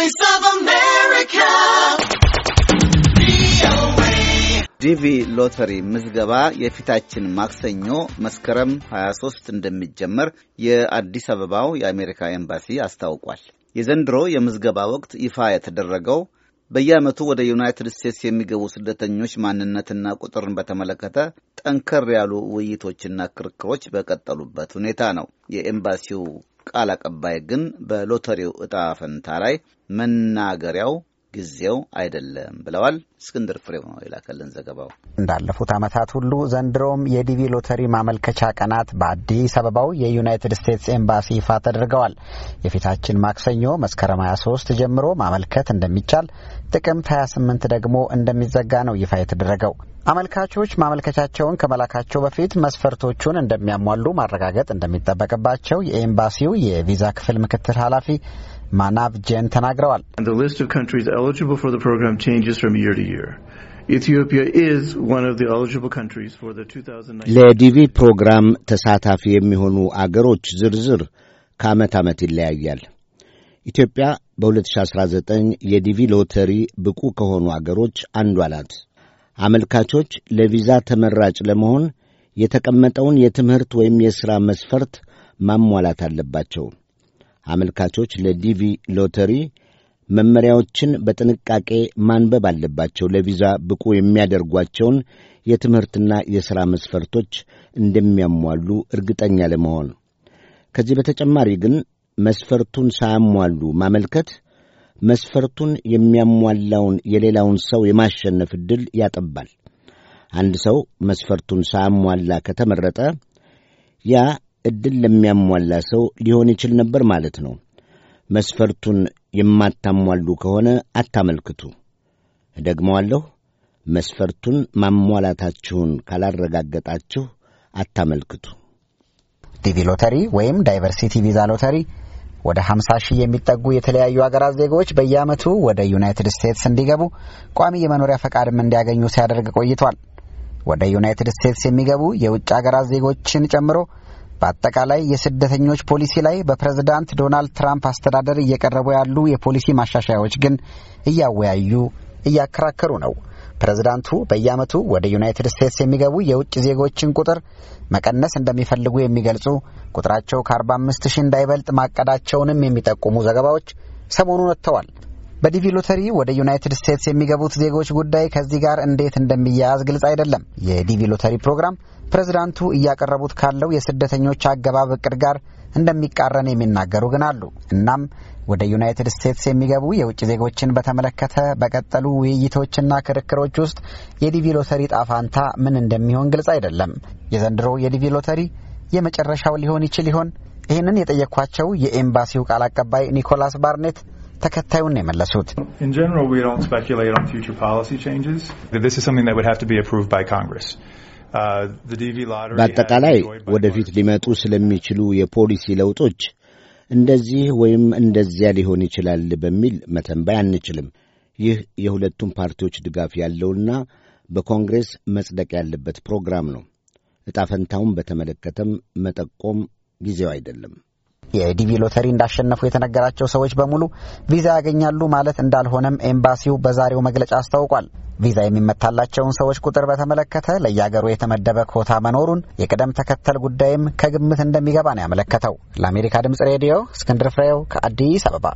Voice of America. ዲቪ ሎተሪ ምዝገባ የፊታችን ማክሰኞ መስከረም 23 እንደሚጀመር የአዲስ አበባው የአሜሪካ ኤምባሲ አስታውቋል። የዘንድሮ የምዝገባ ወቅት ይፋ የተደረገው በየዓመቱ ወደ ዩናይትድ ስቴትስ የሚገቡ ስደተኞች ማንነትና ቁጥርን በተመለከተ ጠንከር ያሉ ውይይቶችና ክርክሮች በቀጠሉበት ሁኔታ ነው። የኤምባሲው ቃል አቀባይ ግን በሎተሪው እጣ ፈንታ ላይ መናገሪያው ጊዜው አይደለም ብለዋል። እስክንድር ፍሬው ነው የላከልን ዘገባው። እንዳለፉት ዓመታት ሁሉ ዘንድሮም የዲቪ ሎተሪ ማመልከቻ ቀናት በአዲስ አበባው የዩናይትድ ስቴትስ ኤምባሲ ይፋ ተደርገዋል። የፊታችን ማክሰኞ መስከረም 23 ጀምሮ ማመልከት እንደሚቻል፣ ጥቅምት 28 ደግሞ እንደሚዘጋ ነው ይፋ የተደረገው። አመልካቾች ማመልከቻቸውን ከመላካቸው በፊት መስፈርቶቹን እንደሚያሟሉ ማረጋገጥ እንደሚጠበቅባቸው የኤምባሲው የቪዛ ክፍል ምክትል ኃላፊ ማናብ ጄን ተናግረዋል። ለዲቪ ፕሮግራም ተሳታፊ የሚሆኑ አገሮች ዝርዝር ከዓመት ዓመት ይለያያል። ኢትዮጵያ በ2019 የዲቪ ሎተሪ ብቁ ከሆኑ አገሮች አንዷ ናት። አመልካቾች ለቪዛ ተመራጭ ለመሆን የተቀመጠውን የትምህርት ወይም የሥራ መስፈርት ማሟላት አለባቸው። አመልካቾች ለዲቪ ሎተሪ መመሪያዎችን በጥንቃቄ ማንበብ አለባቸው። ለቪዛ ብቁ የሚያደርጓቸውን የትምህርትና የሥራ መስፈርቶች እንደሚያሟሉ እርግጠኛ ለመሆን ከዚህ በተጨማሪ ግን መስፈርቱን ሳያሟሉ ማመልከት መስፈርቱን የሚያሟላውን የሌላውን ሰው የማሸነፍ ዕድል ያጠባል። አንድ ሰው መስፈርቱን ሳያሟላ ከተመረጠ ያ ዕድል ለሚያሟላ ሰው ሊሆን ይችል ነበር ማለት ነው። መስፈርቱን የማታሟሉ ከሆነ አታመልክቱ። እደግመዋለሁ። መስፈርቱን ማሟላታችሁን ካላረጋገጣችሁ አታመልክቱ። ዲቪ ሎተሪ ወይም ዳይቨርሲቲ ቪዛ ሎተሪ ወደ 50 ሺህ የሚጠጉ የተለያዩ አገራት ዜጎች በየዓመቱ ወደ ዩናይትድ ስቴትስ እንዲገቡ ቋሚ የመኖሪያ ፈቃድም እንዲያገኙ ሲያደርግ ቆይቷል። ወደ ዩናይትድ ስቴትስ የሚገቡ የውጭ አገራት ዜጎችን ጨምሮ በአጠቃላይ የስደተኞች ፖሊሲ ላይ በፕሬዝዳንት ዶናልድ ትራምፕ አስተዳደር እየቀረቡ ያሉ የፖሊሲ ማሻሻያዎች ግን እያወያዩ እያከራከሩ ነው። ፕሬዝዳንቱ በየዓመቱ ወደ ዩናይትድ ስቴትስ የሚገቡ የውጭ ዜጎችን ቁጥር መቀነስ እንደሚፈልጉ የሚገልጹ ቁጥራቸው ከ45 ሺህ እንዳይበልጥ ማቀዳቸውንም የሚጠቁሙ ዘገባዎች ሰሞኑን ወጥተዋል። በዲቪ ሎተሪ ወደ ዩናይትድ ስቴትስ የሚገቡት ዜጎች ጉዳይ ከዚህ ጋር እንዴት እንደሚያያዝ ግልጽ አይደለም። የዲቪ ሎተሪ ፕሮግራም ፕሬዝዳንቱ እያቀረቡት ካለው የስደተኞች አገባብ እቅድ ጋር እንደሚቃረን የሚናገሩ ግን አሉ። እናም ወደ ዩናይትድ ስቴትስ የሚገቡ የውጭ ዜጎችን በተመለከተ በቀጠሉ ውይይቶችና ክርክሮች ውስጥ የዲቪ ሎተሪ ጣፋንታ ምን እንደሚሆን ግልጽ አይደለም። የዘንድሮ የዲቪ ሎተሪ የመጨረሻው ሊሆን ይችል ይሆን? ይህንን የጠየቅኳቸው የኤምባሲው ቃል አቀባይ ኒኮላስ ባርኔት ተከታዩን ነው የመለሱት። uh, በአጠቃላይ ወደፊት ሊመጡ ስለሚችሉ የፖሊሲ ለውጦች እንደዚህ ወይም እንደዚያ ሊሆን ይችላል በሚል መተንባይ አንችልም። ይህ የሁለቱም ፓርቲዎች ድጋፍ ያለውና በኮንግሬስ መጽደቅ ያለበት ፕሮግራም ነው። ዕጣ ፈንታውን በተመለከተም መጠቆም ጊዜው አይደለም። የዲቪ ሎተሪ እንዳሸነፉ የተነገራቸው ሰዎች በሙሉ ቪዛ ያገኛሉ ማለት እንዳልሆነም ኤምባሲው በዛሬው መግለጫ አስታውቋል። ቪዛ የሚመታላቸውን ሰዎች ቁጥር በተመለከተ ለየአገሩ የተመደበ ኮታ መኖሩን የቅደም ተከተል ጉዳይም ከግምት እንደሚገባ ነው ያመለከተው። ለአሜሪካ ድምጽ ሬዲዮ እስክንድር ፍሬው ከአዲስ አበባ